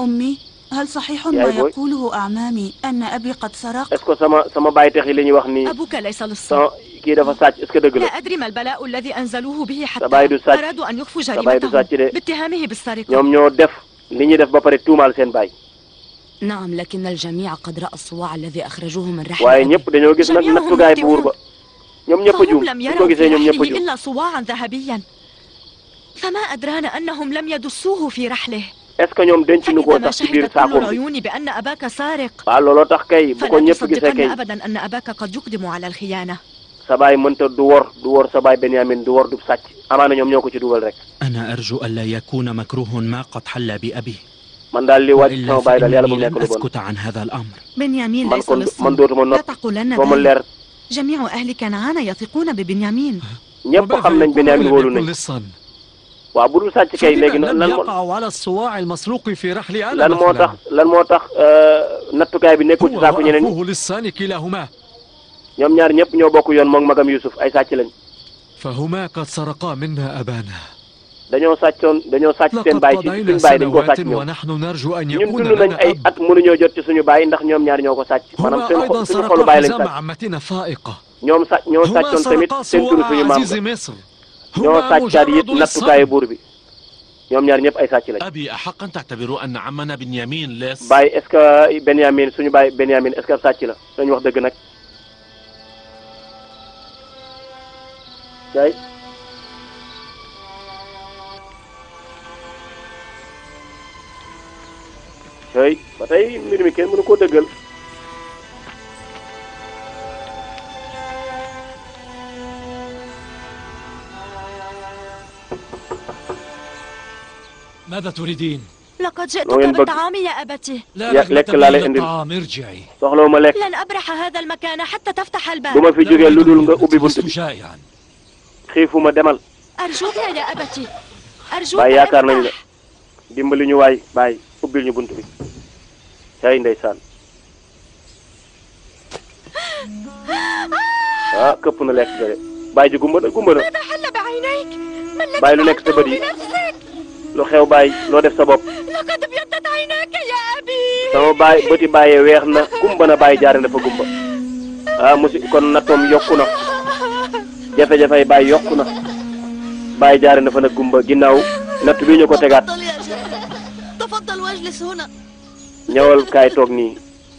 ummi هل صحيح ما يقوله أعمامي أن أبي قد سرق؟ est-ce que sama sama baay tax li ñu wax nii. أبوك ليس للسرقة. kii dafa sàcc est-ce que dëgg la. لا أدري ما البلاء الذي أنزلوه به sa baay du sàcc. أرادوا أن يخفوا جريمتهم باتهامه بالسرقة. ñoom ñoo def li ñuy def ba pare tuumaal seen baay. naam lakin al-jamii qadra as-suwaa' alladhii axrajuuhu min rahlatih waaye ñëpp dañoo gis nag nattugaay buur ba ñoom ñëpp a juum su ko gisee ñoom ñëpp a juum illaa suwaa'an dhahabiyyan famaa adraanaa annahum lam yadussuuhu fii rahlihi est-ce que ñoom denc nu koo tax ci biir saako bi waaw looloo tax kay bu ko ñëpp gisee kay sabaay mënta du wor du wor sabaay Benyamin du wor du sàcc amaana ñoom ñoo ko ci dugal rek. ana arju an laa yakuuna makruuhan maa qad halla bi abiihi man daal li wàcc sama bàyyi daal yàlla bu mu nekk lu bon man kon man dootuma nopp soo ma leer. ñëpp xam nañ Benyamin wóolu nañ. waaw bu dul sàcc kay léegi lan moo lan moo tax lan moo tax nattukaay bi nekkul ci saako ñeneen ñi ñoom ñaar ñëpp ñoo bokk yoon moom magam Youssouf ay sàcc lañ. dañoo sàccoon dañoo sàcc seen baay ci suñu baay dañ koo sàcc ñoom ñun dund nañ ay at mënuñoo jot ci suñu baay ndax ñoom ñaar ñoo ko sàcc maanaam seen suñu xolu baay lañ sàcc ñoom sàcc ñoo sàccoon tamit seen turu suñu maam la ñoo sàccaat it nattukaayu buur bi ñoom ñaar ñëpp ay sàcc lañ. baay est-ce que Benyamin suñu baay Benyamin est-ce que sàcc la dañu wax dëgg nag. tey ba tey mbir mi kenn mënu koo dëggal. ماذا تريدين؟ لقد جئتك بالطعام يا أبتي. لا lekk laa lay indil soxlawuma lekk. لن أبرح هذا المكان حتى تفتح الباب. du ma fi jógee lu dul nga ubbi bunt bi. xiifuma demal. أرجوك يا أبتي. أرجوك baay yaakaar nañ la dimbali ñu waay baay. ubbil ñu bunt bi yaay ndeysaan ah, këpp na lekk ga de ji gumba na gumba na bàyyi lu nekk sa bët yi lu xew bàyyi loo def sa bopp sama bàyyi bëti bàyyee weex na gumba na bàyyi jaare dafa gumba ah musi kon nattoom yokku na jafe-jafey bàyyi yokku na bàyyi jaare dafa na gumba ginnaaw natt bi ñu ko tegaat tafaddal wajlis huna ñëwal kaay toog nii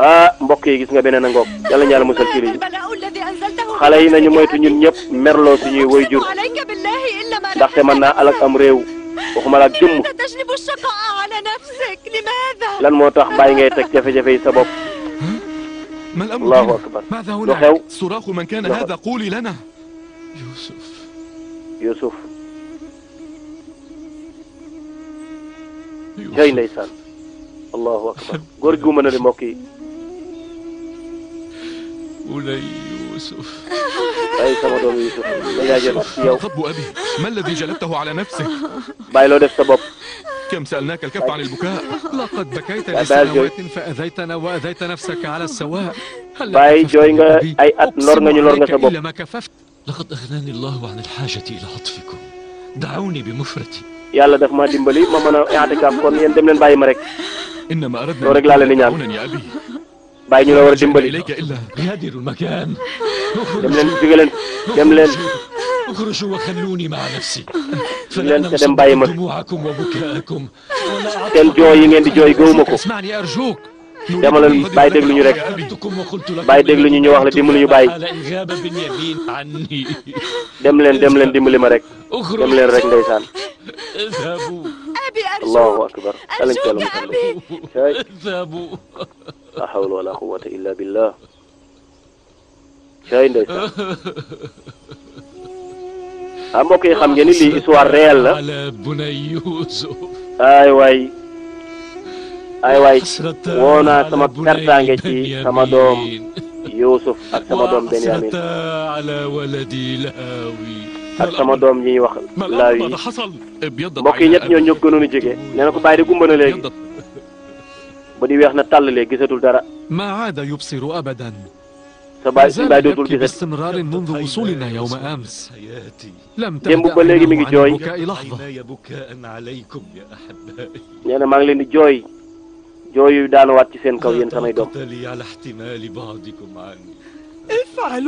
ah mbokk yi gis nga beneen a ngoog yàlla ñaala musal ci lii xale yi nañu moytu ñun ñëpp merloo suñuy way jur ndaxte mën naa alak am réew waxuma la jëmm lan moo tax bàyyi ngay teg jafe-jafe yi sa bopp allahu akbar lu xew Yusuf tey ndeysaan allahu akbar góor gi mën a di mbokk yi ulay yusuf ay sama doom yusuf la jaajëfal ci yow xabu abi ma alladi jalabtahu ala nafsik bàyyi loo def sa bopp كم سألناك الكف عن البكاء لقد بكيت لسنوات فأذيتنا وأذيت نفسك على السواء هل باي جوينغا أي أت لورنا لورنا سبب لقد أغناني الله عن الحاجة إلى عطفكم دعوني بمفرتي yàlla daf ma dimbali ma mën a i'tikaf kon yéen dem leen bàyyi ma rek loolu rek laa leen di ñaan bàyyi ñu la war a dimbali *laughs* dem leen jóge leen dem leen *laughs* اخرجوا وخلوني مع نفسي *laughs* فلن أسمع دموعكم وبكاءكم ولا أعطيكم كان جوي من جوي قومكم اسمعني أرجوك demalal bàyyi déglu dégluñu rek bàyyi déglu ñu ñu wax la dimbali ñu bàyyi dem leen dem leen dimbali ma rek dem leen rek ndeysaan allahu akbar alañ teela musal la wala quwwata illa billah cay ndeysaan ah mbokk yi xam ngeen ni lii histoire réelle la ay waay ay waay woo naa sama pertaange ci sama doom Yuusuf ak sama doom Benyamin ak sama doom yi ñuy wax Laawi mbokk yi ñett ñoo ñoo gënoon a jege nee ko bàyyi di gumba ba di weex na tàll léegi gisatul dara sa baay si baay dootul gisati démb ba léegi mi ngi jooy nee na maa ngi leen di jooy. jooyu daanuwaat ci seen kaw yéen samay doom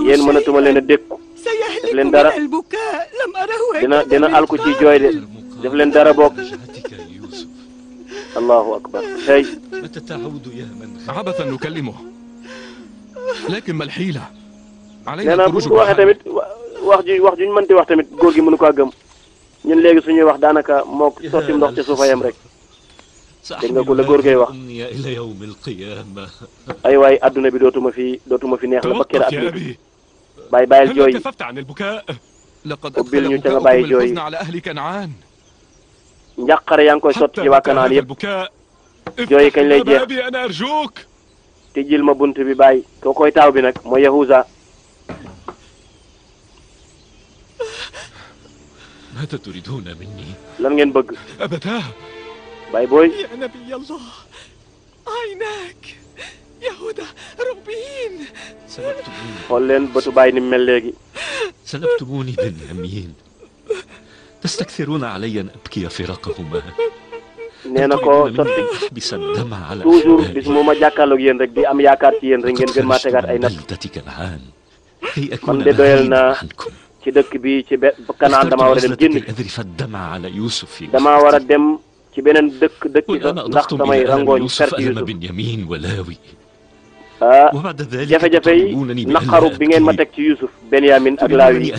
yéen mënatuma leen a dékku def leen dara dina dina alku ci jooy de def leen dara bokk allahu akbar tey nee naa bu ko waxee tamit wax ji wax juñ mënti wax tamit góor gi mënu ko gëm ñun léegi suñuy wax daanaka mook sotti ndox ci suufa yem rek dégg nga ko la góor gay wax ay waay adduna bi dootuma fi dootuma fi neex la ba kër adduna bi bàyyi bàyyil jooy ubbil ñu ca nga bàyyi jooy njàqare yaa ngi koy sotti ci waa Kanaan yëpp jooy kañ lay jeex tijjil ma bunt bi bay koo koy taaw bi nag mooy Yahuza lan ngeen bëgg باي باي يا نبي الله عيناك يا هدى ربيين سلبتموني xool leen bëtu bàyyi ni mel léegi سلبتموني بالناميين تستكثرون علي أن أبكي فراقهما nee na ko sotti toujours bis mu ma jàkkaarloog yéen rek di am yaakaar ci yéen rek ngeen gën maa tegaat ay natt man de doyal naa ci dëkk bi ci be kanaan damaa war a dem génn damaa war a dem ci beneen dëkk dëkk sax ndax samay rangooñ perte Youssouf ah jafe-jafe yi naqaru bi ngeen ma teg ci Youssouf Benyamin ak Laawi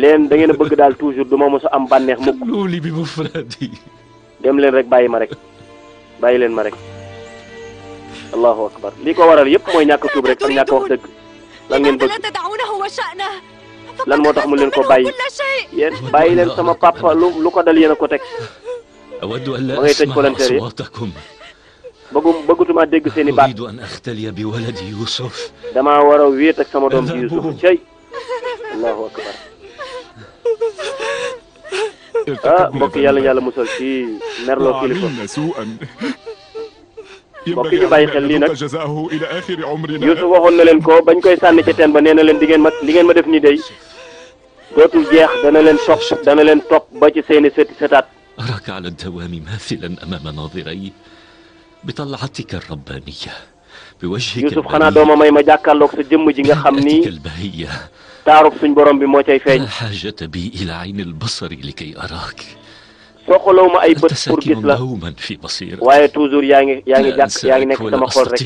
leen da ngeen a bëgg daal toujours du ma mos a am bànneex mukk dem leen rek bàyyi ma rek bàyyi leen ma rek allahu akbar li ko waral yëpp mooy ñàkk tuub rek ak ñàkk wax dëgg lan ngeen bëgg lan moo tax mu leen ko bàyyi bàyyi leen sama papa lu lu ko dal yéen a ko teg ma ngay tëj volontaire yi bëggu bëggutuma dégg seen i baat damaa war a wéet ak sama doom ji Yusuf cey allahu akbar ah yàlla yàlla musal ci merloo kilifa mbokk yi ñu bàyyi xel lii nag Youssouf waxoon na leen ko bañ koy sànni ci teen ba nee na leen di ngeen ma li ngeen ma def nii day dootul jeex dana leen topp dana leen topp ba ci seeni sëti sëtaat أراك على الدوام ماثلا أمام ناظري بطلعتك الربانية بوجهك Youssouf xanaa dooma may ma jàkkaarloog sa jëmm ji nga xam ni taarub suñ borom bi moo cay feeñ لا حاجة بي إلى عين البصر لكي أراك soxlawu ma ay bët pour gis la waaye toujours yaa ngi yaa ngi jàkk yaa ngi nekk sama xol rek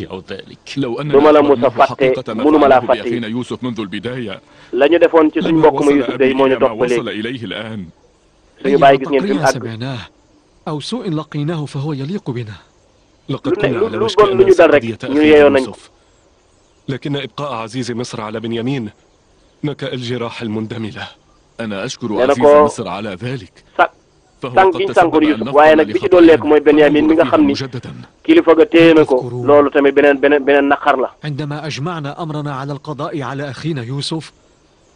du ma la mos a fàtte munu ma laa fàtte yi la ñu defoon ci suñ mbokk ma Youssouf day moo ñu topp léegi suñu bàyyi gis ngeen fi mu àgg lu ne lu bon lu ñu dal rek ñu yeyoo nañ ko. لكن إبقاء عزيز مصر على بنيامين نكأ الجراح المندملة أنا أشكر عزيز مصر على ذلك sànq gi ñu sànkoon Yusuf waaye nag bi ci doon lekk mooy Benyamin mi nga xam ni kilifa ga téye na ko loolu tamit beneen beneen beneen naqar la.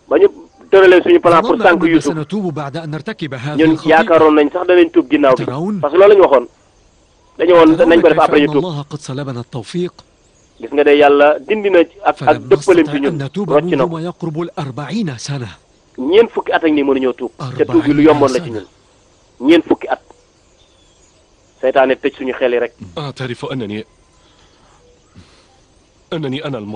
ba ñu tëralee suñu plan pour sànq Yusuf ñun yaakaaroon nañ sax danañ tuub ginnaaw bi parce que loolu la ñu waxoon dañu woon nañ ko def après ñu tuub gis nga de yàlla dindi na ak ak dëppalem ci ñun rocc na ko ñeent fukki at ak nii mënuñoo tuub te tuub bi lu yomboon la ci ñun. ñeent fukki at seytaane tëj suñu xeli rek. ah tarifu annani annani ana al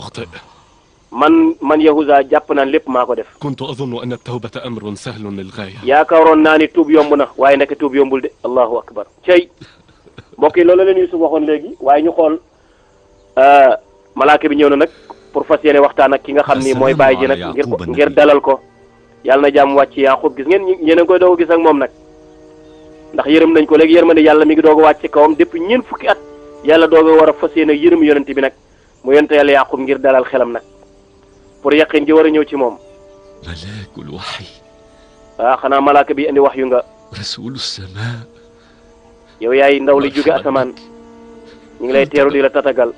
man man Yahuza jàpp naan lépp maa ko def. kuntu azunnu anna at-tawbata amrun lil-ghaaya. yaakaaroon naa ni tuub yomb na waaye nekk tub yombul de allahu akbar. cey mbokk yi loolu la waxoon léegi waaye ñu xool euh, malaaka bi ñëw na nag pour fas yéene waxtaan ak ki nga xam ni mooy bàyyi ji nag ngir dalal ko yàlla na jàmm wàcc Yaaqub gis ngeen yéen a ngi koy doog gis ak moom nag. ndax yërëm nañ ko léegi yërmande yàlla mi ngi doog a wàcc ci kawam depuis ñeent fukki at yàlla doog a war a fas yéene yërëm yonent bi nag mu yonent yàlla yàqub ngir dalal xelam nag pour yaqin ji war a ñëw ci moom. malaakul waxyi. ah xanaa malaaka bi andi wax yu nga. rasuulu samaa. yow yaay ndaw li jóge asamaan. ñu ngi lay teeru di la tatagal.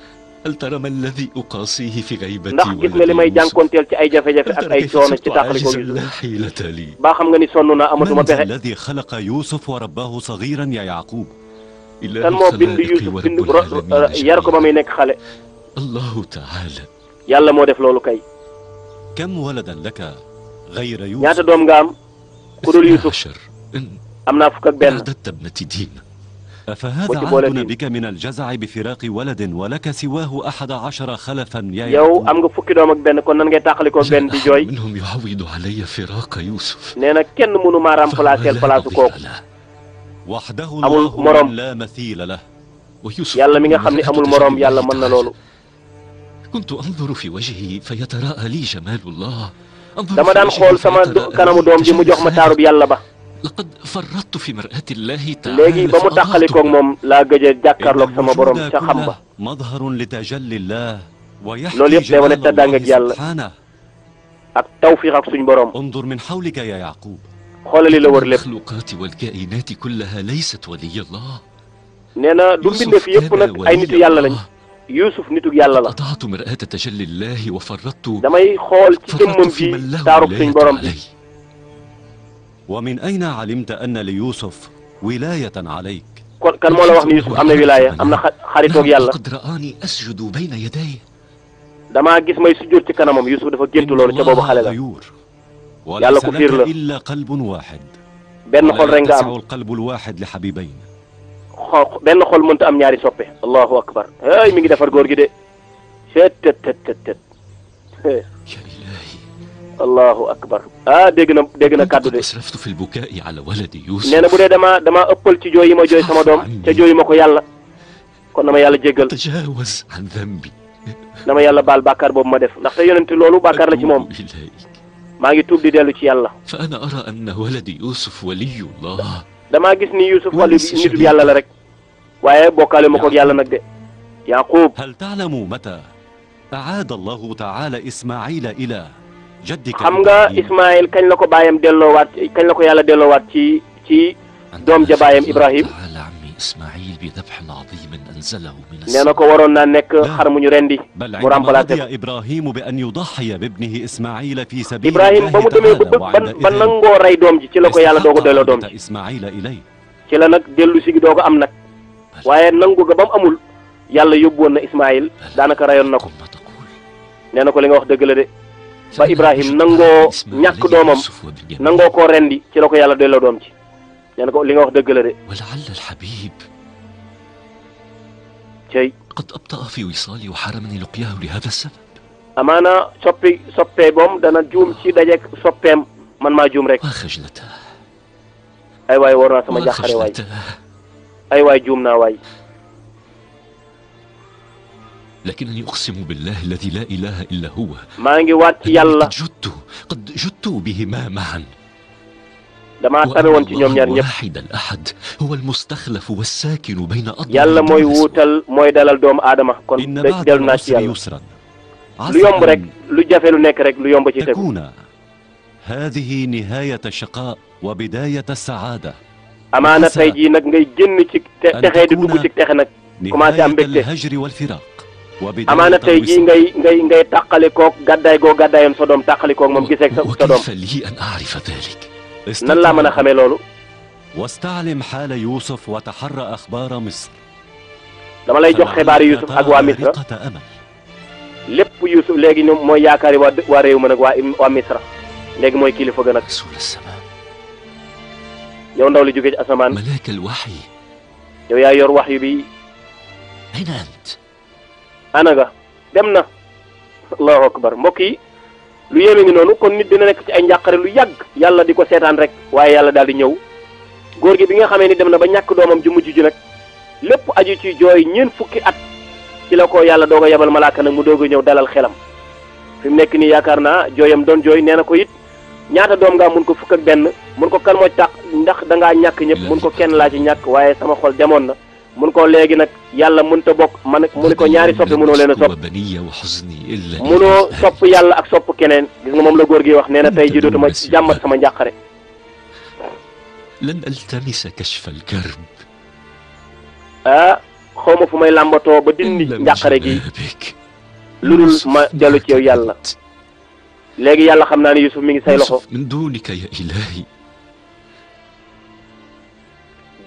hal tara ma alladi uqaasihi fi gaybati ndax gis nga li may jànkoonteel ci ay jafe-jafe ak ay coono ci tàqali ko gi baa xam nga ni sonn naa amatuma pexe. man alladi xalaqa Yuusuf wa rabbaahu sagiiran yaa Yaquub kan moo bind Yuusuf bind yar ko ba muy nekk xale. Allahu taala. yàlla moo def loolu kay. kam waladan laka gayra Yuusuf ñaata doom nga am. ku dul Yuusuf am naa fukk ak benn. فهذا عهدنا بك من الجزع بفراق ولد ولك سواه أحد عشر خلفا يا yow am nga fukki doom ak benn kon nan ngay tàqalikoo benn di jooy منهم يعوض علي فراق يوسف nee na kenn mënu maa remplacer place kooku وحده الله لا مثيل له ويوسف yàlla mi nga xam ne amul moroom yàlla mën na loolu كنت أنظر في وجهه فيتراءى لي جمال الله dama daan xool sama kanamu doom ji mu jox ma taarub yàlla ba léegi ba mu tàqalikoog moom laa gëj a jàkkaarloog sama borom ca xam ba loolu yëpp day wane tàddang ak yàlla ak tawfiq ak suñ borom xoolali la wër lépp nee na du mbindeef yëpp nag ay nitu yàlla lañ Yuusuf nitu yàlla la damay xool ci jëmmam ji taarub suñ borom bi ومن أين علمت أن ليوسف ولاية عليك kan moo la wax ni Youssouf am na wilaaya am na xaritoog yàlla laqad raani asjudu bayna yaday damaa gis may sujjóot ci kanamam Youssouf dafa gént loolu ca boobu xale la yàlla ku fiir la illa qalbun waaxid benn xol rek nga am alqalbu alwaaxid li xabibayn xol benn xol mënta am ñaari soppe allahu akbar hey mi ngi defar góor gi de tet tet tet tet allahu akbar ah dégg na dégg na kàddu de nee na bu dee damaa damaa ëppal ci jooy yi ma jooy sama doom ca jooy ma ko yàlla kon na ma yàlla jéggal na ma yàlla baal bàkkaar boobu ma def ndaxte yonent loolu bàkkaar la ci moom maa ngi tuub di dellu ci yàlla. fa ana ara anna waladi Youssouf waliyullah. damaa gis ni Youssouf wali nitub yàlla la rek waaye bokkaale ma koog yàlla nag de. Yaaqub. hal taalamu mata aada allahu taala Ismaila ila xam nga Ismaël kañ la ko baayam delloowaat kañ la ko yàlla delloowaat ci ci doom ja baayam Ibrahim nee na ko waroon naa nekk xar mu ñu rendi mu remplacé ko Ibrahim ba mu demee ba bëgg ba nangoo rey doom ji ci la ko yàlla doo ko delloo doom ji ci la nag dellu si gi doo ko am nag waaye nangu ga ba mu amul yàlla yóbbu na Ismaël daanaka reyoon na ko ko li wax dëgg ba Ibrahim nangoo ñàkk doomam nangoo koo rendi ci la ko yàlla delloo doom ci nee na ko li nga wax dëgg la de. cey. amaana soppi soppee boom dana juum ci dajeeg soppeem man maa juum rek. ay waay war naa sama jaaxare waay ay waay juum naa waay. لكنني أقسم بالله الذي لا إله إلا هو maa ngi waat ci yàlla قد جدت قد جدت بهما معا damaa tame woon ci ñoom ñaar ñëpp واحد الأحد هو المستخلف والساكن بين أضلاع yàlla mooy wuutal mooy dalal doomu aadama kon dellu naa ci yàlla يسرا lu yomb rek lu jafe lu nekk rek lu yomb ci tegu تكون هذه نهاية الشقاء وبداية السعادة amaana tey jii nag ngay génn ci texe di dugg ci texe nag commencé am mbégte الهجر والفراق amaana tey jii ngay ngay ngay tàqalikook gàddaay goo gàddaayoon Sodom tàqalikook moom giseeg sa Sodom nan laa mën a xamee loolu dama lay jox xibaari Yuusuf ak waa Misra lépp Yuusuf léegi ñoom mooy yaakaari waa waa réew ma nag waa waa Misra léegi mooy kilifa gën ak yow ndaw li jóge ci asamaan yow yaa yor wax yu bi ana nga dem na allahu akbar mbokk yi lu yéeme ngi noonu kon nit dina nekk ci ay njàqare lu yàgg yàlla di ko seetaan rek waaye yàlla daal di ñëw góor gi bi nga xamee ni dem na ba ñàkk doomam ju mujj ji nag lépp aju ci jooy ñeent fukki at ci la ko yàlla doog a yebal malaaka nag mu doog ñëw dalal xelam fi nekk nii yaakaar naa jooyam doon jooy nee na ko it ñaata doom ngaa mun ko fukk benn mun ko kan moo tax ndax dangaa ñàkk ñëpp mun ko kenn laa ci ñàkk waaye sama xol demoon na mun ko léegi nag yàlla mënut ta bokk man mu ne ko ñaari soppi mënoo leen a sopp mënoo sopp yàlla ak sopp keneen gis nga moom la góor gi wax nee na tey ji dootuma jàmmat sama njàqare lan altamisa kashfa alkarb ah ma fu may làmbatoo ba dindi njàqare gi lu dul ma dellu ci yow yàlla léegi yàlla xam naa ni Yusuf mi ngi say loxo min dunika ya ilahi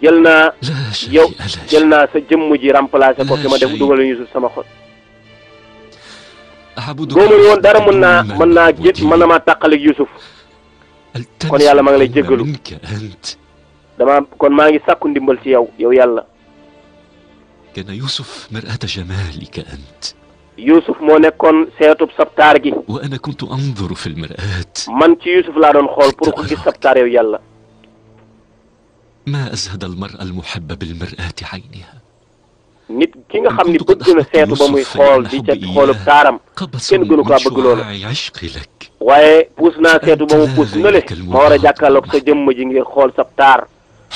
jël naa *laughs* yow jël naa sa jëmm ji remplacé ko fi ma def dugal Yuusuf sama xol boo woon dara mën naa mën naa jét mën na maa tàqalik Yuusuf kon yàlla maa ngi lay jéggalu dama kon maa ngi sàkku ndimbal ci yow yow yàlla kana Yuusuf mar'ata jamalika ant moo nekkoon seetub sabtaar gi wa ana kuntu fi l-mar'aat man ci Yuusuf laa doon xool pour ko gis sabtaar yow yàlla ما أزهد المرأة المحبة بالمرآة عينها nit ki nga xam ni bëgg na seetu ba muy xool di ca xoolub taaram kenn gënu kaa bëgg loola waaye puus naa seetu ba mu puus na le ma war a jàkkaarloog sa jëmm ji ngir xool sab taar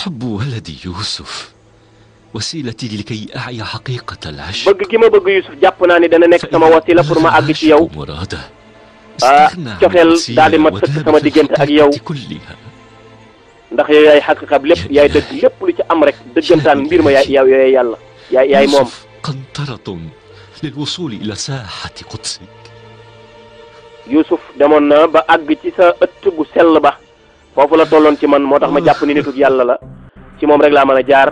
xubbu waladi yusuf wasilati likay ahya xaqiqata al ashq bëgg gi ma bëgg yusuf jàpp naa ni dana nekk sama wasila pour ma àgg ci yow ah cofeel daal di mat sëkk sama diggante ak yow ndax yow yaay xaqiqa lépp yaay dëgg lépp lu ci am rek dëggantaan mbir ma yaay yaay yàlla yaay yaay moom. qantaratun lilwusuli ila saaxati qudsik Yuusuf demoon na ba àgg ci sa ëtt bu sell ba foofu la tolloon ci man moo tax ma jàpp ni nitug yàlla la ci moom rek laa mën a jaar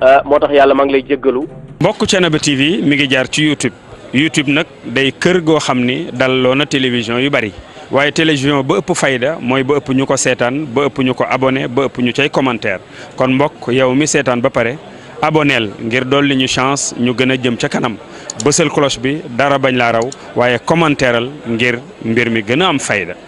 euh, moo tax yàlla maa ngi lay jéggalu mbokk Thiénaba TV mi ngi jaar ci YouTube YouTube nag day kër goo xam ni dalloo na télévision yu bari waaye télévision ba ëpp fayda mooy ba ëpp ñu ko seetaan ba ëpp ñu ko abonné ba ëpp ñu cey commentaire kon mbokk yow mi seetaan ba pare aboneel ngir dolli ñu chance ñu gën a jëm ca kanam ba bësal cloche bi dara bañ la raw waaye commentaireal ngir mbir mi gën a am fayda